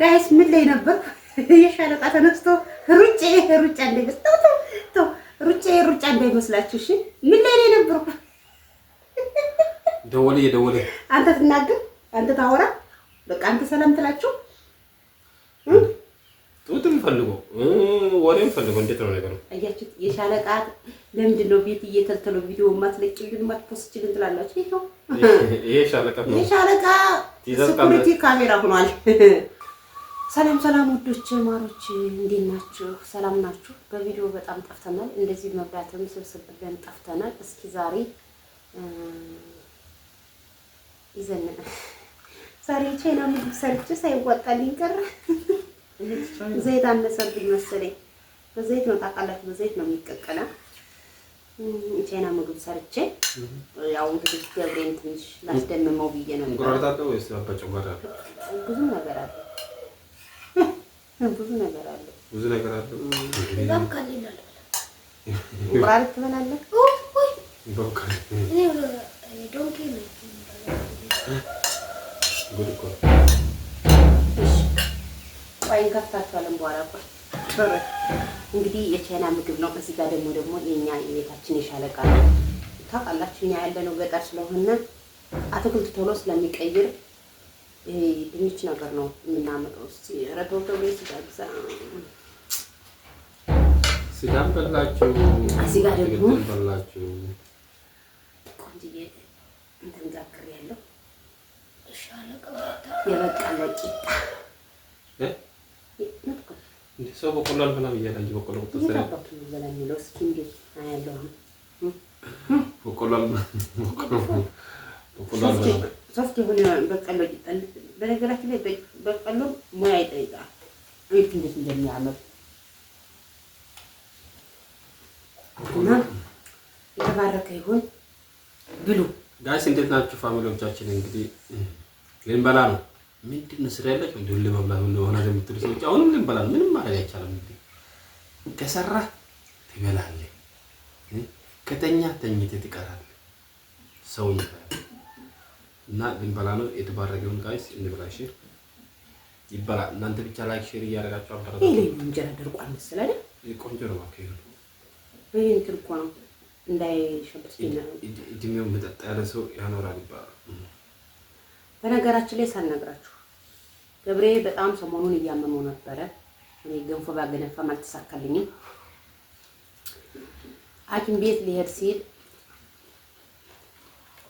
ጋይስ ምን ላይ ነበር? የሻለቃ ተነስቶ ሩጬ ሩጫ እንዳይመስላችሁ ተው ሩጬ ሩጫ እንዳይመስላችሁ እሺ። ምን ላይ ነው የነበርኩ? ደወለ የደወለ አንተ ትናገር፣ አንተ ታወራ፣ በቃ አንተ ሰላም ትላችሁ ጡትም ፈልጎ ወሬም ፈልጎ እንዴት ነው ነገሩ? አያችሁት? የሻለቃ ለምንድን ነው ቤት እየተልተለው ቪዲዮ ማትለቂልን ማትፖስትልን ትላላችሁ? ይሄ ሻለቃ ነው። ይሄ ሴኩሪቲ ካሜራ ሆኗል። ሰላም ሰላም ውዶች ማሮች እንዴት ናችሁ? ሰላም ናችሁ? በቪዲዮ በጣም ጠፍተናል። እንደዚህ መብራትም ስብስብ ብለን ጠፍተናል። እስኪ ዛሬ ይዘን ዛሬ ቻይና ምግብ ሰርቼ ሳይዋጣልኝ ቀረ። ዘይት አነሰብኝ መሰለኝ። በዘይት ነው ታውቃላችሁ፣ በዘይት ነው የሚቀቀላ ቻይና ምግብ ሰርቼ ያው እንግዲህ ገብሬን ትንሽ ላስደምመው ብዬ ነው። ብዙ ነገር አለ ብዙ ነገር አለው። ብዙ ነገር አለው። እንቁላል ትበላለህ። ቆይ እንከፍታችኋለን በኋላ። ቆይ እንግዲህ የቻይና ምግብ ነው። እዚህ ጋር ደግሞ ደግሞ የኛ የቤታችን የሻለቃ ነው ታውቃላችሁ። እኛ ያለነው ገጠር ስለሆነ አትክልት ቶሎ ስለሚቀይር ይሄ ድንች ነገር ነው የምናመጣው። ረበው ደግሞ ስጋ ግዛ ስጋም በላችሁ፣ ስጋ ደግሞ በላችሁ። ቆንጅዬ እንትን ጋግር ያለው የበቀለ ቂጣ ሰው በቆሎ አልበላም እያለ በቆሎ በላ የሚለው እስኪ እንዴት አያለሁ በቆሎ ሶስት የሆነ በቀሎ ይጣል። በነገራችን ላይ በቀሎ ሙያ ይጠይቃል። እንዴት እንዴት እንደሚያምር እና የተባረከ ይሁን ብሉ ጋይስ። እንዴት ናችሁ ፋሚሊዎቻችን? እንግዲህ ልንበላ ነው። ምንድን ነው ስራ ያለች እንዲሁ ለመብላት ምን የምትሉ ሰዎች አሁንም ልንበላ ነው። ምንም ማድረግ አይቻልም። እንግዲህ ከሰራ ትበላለህ፣ ከተኛ ተኝተህ ትቀራለህ። ሰው ይበላል እና ብንበላ ነው የተባረገውን ጋይስ እንብላ። እሺ ይበላ። እናንተ ብቻ ላይክ ሼር እያደረጋችሁ አባራ ይሄ እንጀራ ደርቋል መሰለ አይደል? ቆንጆ ነው አከይ ነው ይሄ እንትን እኮ ነው እንዳይሸብት ይችላል። እድሜው መጠጥ ያለ ሰው ያኖራል ይባላል። በነገራችን ላይ ሳልነግራችሁ ገብሬ በጣም ሰሞኑን እያመመው ነበረ። እኔ ገንፎ ባገነፋም አልተሳካልኝም። ሐኪም ቤት ሊሄድ ሲል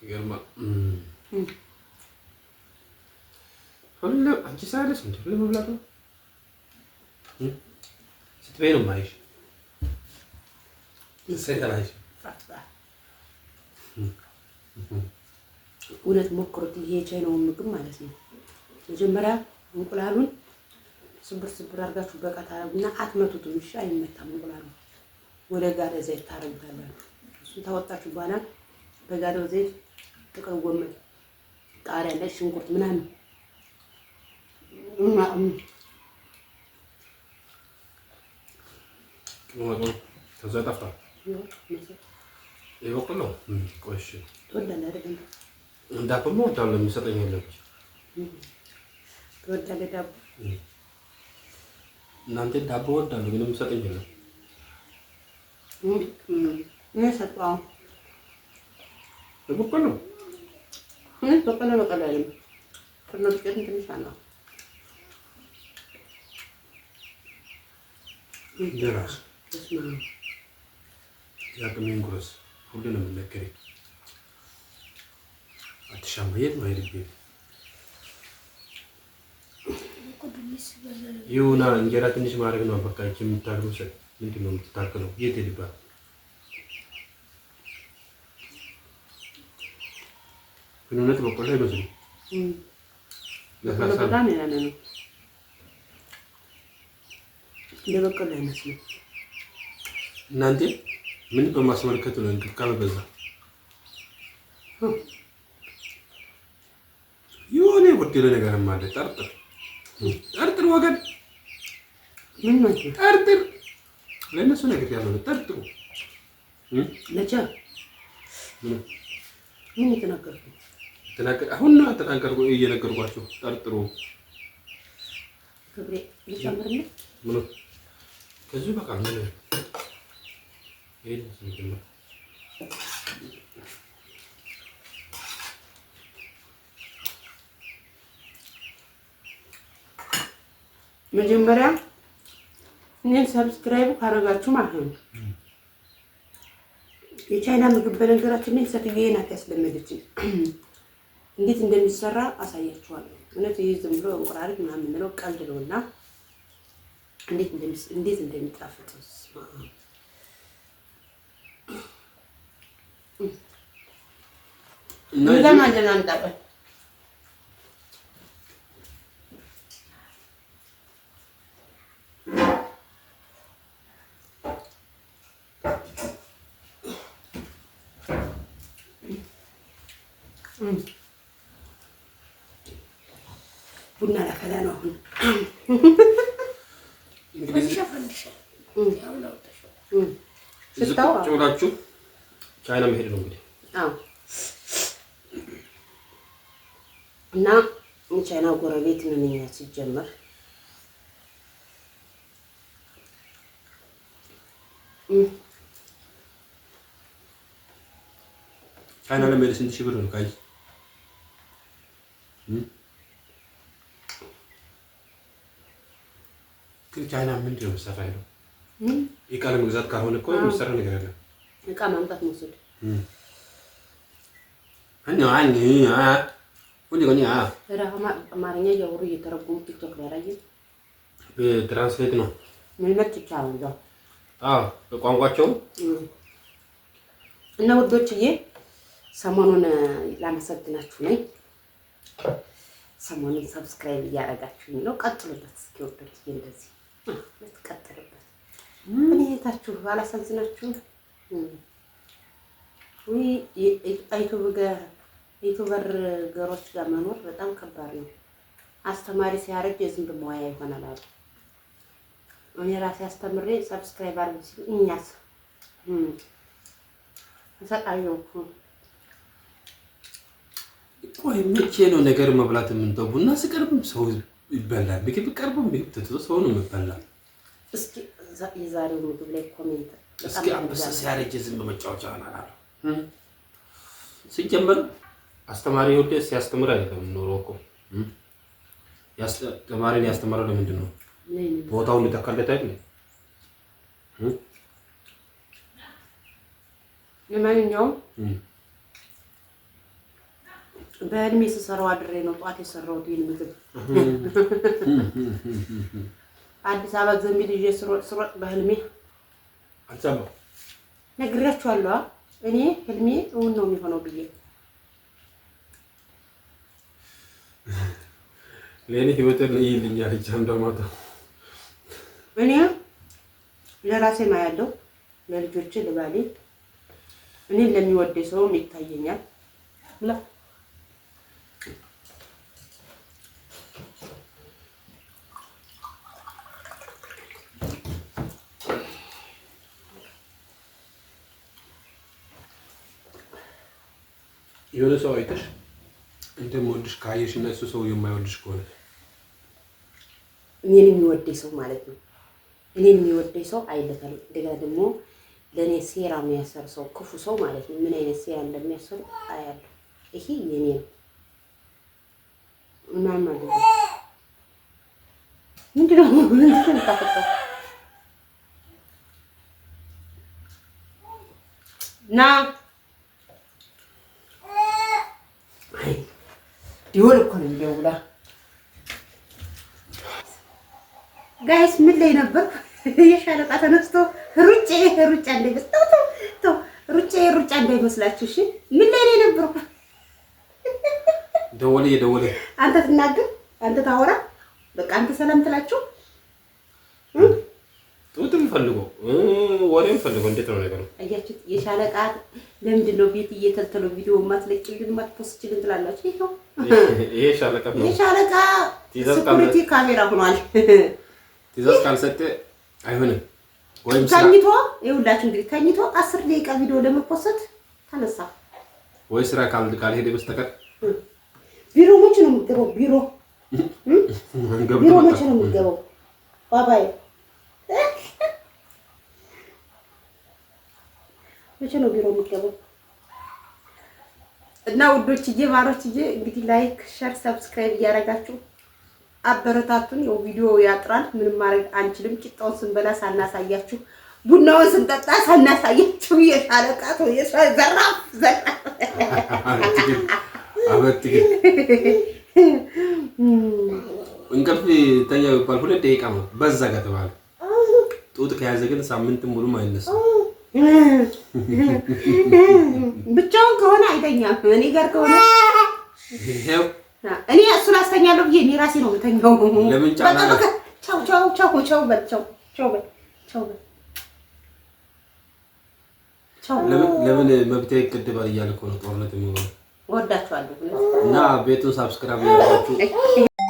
ይገርማል። አንቺ ሳያለሽ እንደ ሁሌ ነው። ስትበይ ነው የማይሽ እውነት ሞክሩት። ይሄ የቻይናውን ምግብ ማለት ነው። መጀመሪያ እንቁላሉን ስብር ስብር አድርጋችሁ በቃ ታረጉና አትመቱት። እሺ አይመታም እንቁላሉ ወደ ጋለ ዘይት ታረጉታላችሁ። እሱን ታወጣችሁ በኋላ በጋለው ዘይት ጥቅል ጎመን፣ ቃሪያ፣ ነጭ ሽንኩርት ምናምን ከዛ ይጠፋል። በቆሎ ቆሽ ዳቦ የሚሰጠኝ ዳቦ እናንተ ዳቦ ወዳለ ግን የሚሰጠኝ ያለች ሰጠው በቆሎ በቆሎ በቆሎ አይልም። ፍርኖ ዱቄትን ትንሽ አለው እንደራስ የአቅሜን ጉረስ ሁሉ ነው የምነገረኝ። የት ይሁና እንጀራ ትንሽ ማድረግ ነው በቃ ምንድን ነው የምትታገለው? የት ሄድባት? ግን እውነት በቆሎ አይመስልም። በጣም ያለ ነው። የበቆሎ አይመስልም። እናንተ ምን በማስመልከት ነው እንክብካቤ በዛ? የሆነ የጎደለ ነገርም አለ። ጠርጥር ጠርጥር፣ ወገን ምን ጠርጥር ለእነሱ ነገር ያለው ጠርጥሩ። ነጃ ምን የተናገርኩ ተናገር አሁን ነው ተናገርኩ፣ እየነገርኳቸው ጠርጥሩ። ክብሬ ልጨምርልህ ምን ከዚህ በቃ ምን ይሄን ስንጀምር መጀመሪያ እኔን ሰብስክራይብ ካረጋችሁ ማለት ነው። የቻይና ምግብ በነገራችን ላይ ሰትዬ ናት ያስለመደችኝ። እንዴት እንደሚሰራ አሳያችኋለሁ። እውነት ይህ ዝም ብሎ እንቁራሪት ምናምን የምንለው ቀልድ ነው እና እንዴት እንደሚጣፍጥ እንለማለን አንጣበል ቡና ላፈላ ነው አሁን። ጭውላችሁ ቻይና መሄድ ነው እንግዲህ እና የቻይና ጎረቤት ምን ሲጀመር ቻይና ለመሄድ ስንት ሺህ ብር ነው? ቻይና ምንድን ነው የሚሰራ ነው? እቃ ለመግዛት ካልሆነ እኮ የሚሰራ ነገር አለ። እቃ ማምጣት መውሰድ አማርኛ እያወሩ እየተረጎሙ ቲክቶክ ላይ አላየህ? ትራንስሌት ነው መልመድ ይቻላል። አዎ በቋንቋቸው እና ውዶችዬ ሰሞኑን ላመሰግናችሁ ነኝ። ሰሞኑን ሰብስክራይብ እያደረጋችሁ ነው፣ ቀጥሉበት እስኪ ወዶችዬ እንደዚህ ልትቀጥልበት ምን ይሄታችሁ አላሳዝናችሁም? ውይ ዩቱበር ገሮች ጋር መኖር በጣም ከባድ ነው። አስተማሪ ሲያረጅ የዝንብ መዋያ ይሆናል አሉ። እኔ ራሴ አስተምሬ ሰብስክራይብ አድርጉ ሲል እኛስ ተሰቃየሁ። ቆይ መቼ ነው ነገር መብላት የምንተው? ቡና ስቀርብም ሰው ይበላል። ምግብ ቀርቦ ምግብ ተጥሎ ሰው ነው የሚበላው። እስኪ የዛሬው ምግብ ላይ ኮሜንት እስኪ አንበሳ ሲያረጀ ዝም በመጫወቻ አናራሉ ሲጀመር አስተማሪ ወደ ሲያስተምር አይደለም ኖሮ እኮ ተማሪን ያስተማረው ለምንድን ነው? ቦታውን ሊተካለት አይደል? ለማንኛውም በእድሜ ስሰራው አድሬ ነው ጠዋት የሰራሁት ይህን ምግብ። አዲስ አበባ ዘንቢል ይዤ ስሮጥ በህልሜ ነግሬያችኋለሁ። እኔ ህልሜ እውን ነው የሚሆነው ብዬ ለእኔ ህይወትን ይልኝ አለች። እንደማታ እኔ ለራሴ ማያለው ለልጆች ልባሌ እኔን ለሚወደ ሰውም ይታየኛል። የሆነ ሰው አይተሽ እንደምወድሽ ካየሽ እና እሱ ሰው የማይወድሽ ከሆነ እኔን የሚወደኝ ሰው ማለት ነው። እኔን የሚወደኝ ሰው አይለታል። እንደገና ደግሞ ለእኔ ሴራ የሚያሰር ሰው፣ ክፉ ሰው ማለት ነው። ምን አይነት ሴራ እንደሚያሰሩ አያለሁ። ይሄ የኔ ነው። እናም ማለት ነው ምንድነው ና ይሁን እኮ ነው የሚደውላ። ጋይስ ምን ላይ ነበር? የሻለቃ ተነስቶ ሩጬ ሩጫ እንዳይመስላችሁ፣ ሩጬ ሩጫ እንዳይመስላችሁ። እሺ ምን ላይ ነበር? ደወለ የደወለ አንተ ትናገር፣ አንተ ታወራ፣ በቃ አንተ ሰላም ትላችሁ ፈልጎ ወሬም ፈልጎ እንዴት ነው ነገሩ? አያችሁት? የሻለቃ ለምንድን ነው ቤት እየተልተለው ቪዲዮ ማትለቂልን ማትፖስትልን ትላላችሁ? ይሄው ይሄ ሻለቃ ነው። የሻለቃ ሴኩሪቲ ካሜራ ሆኗል። ትዕዛዝ ካልሰጠ አይሆንም። ወይም ተኝቶ ይኸውላችሁ እንግዲህ ተኝቶ አስር ደቂቃ ቪዲዮ ለመፖሰት ተነሳ ወይ ስራ ካልሄደ በስተቀር ቢሮ መቼ ነው የምትገባው? ቢሮ ቢሮ መቼ ነው የምትገባው? ባባዬ መቼ ነው ቢሮ የሚገባው? እና ውዶችዬ ማሮችዬ እንግዲህ ላይክ፣ ሸር፣ ሰብስክራይብ እያደረጋችሁ አበረታቱን። ያው ቪዲዮ ያጥራል፣ ምንም ማድረግ አንችልም። ቂጣውን ስንበላ ሳናሳያችሁ፣ ቡናውን ስንጠጣ ሳናሳያችሁ የሻለቃት ዘራፍ ዘራፍ እንቅልፍ ተኛ ይባል ሁለት ደቂቃ ነው በዛ ከተባለ ጡጥ ከያዘ ግን ሳምንት ሙሉ አይነሳም። ብቻውን ከሆነ አይተኛም። እኔ ጋር ከሆነ እኔ እሱን አስተኛለሁ ብዬ እኔ ራሴ ነው የምተኛው። ቻው ቻው ቻው ቻው በል ቻው ቻው በል ቻው በል ለምን መብት ይቀደባል እያልኩ ነው ጦርነት የሚሆነው። እወዳችኋለሁ እና ቤቱን ሳብስክራይብ ያደርጋችሁ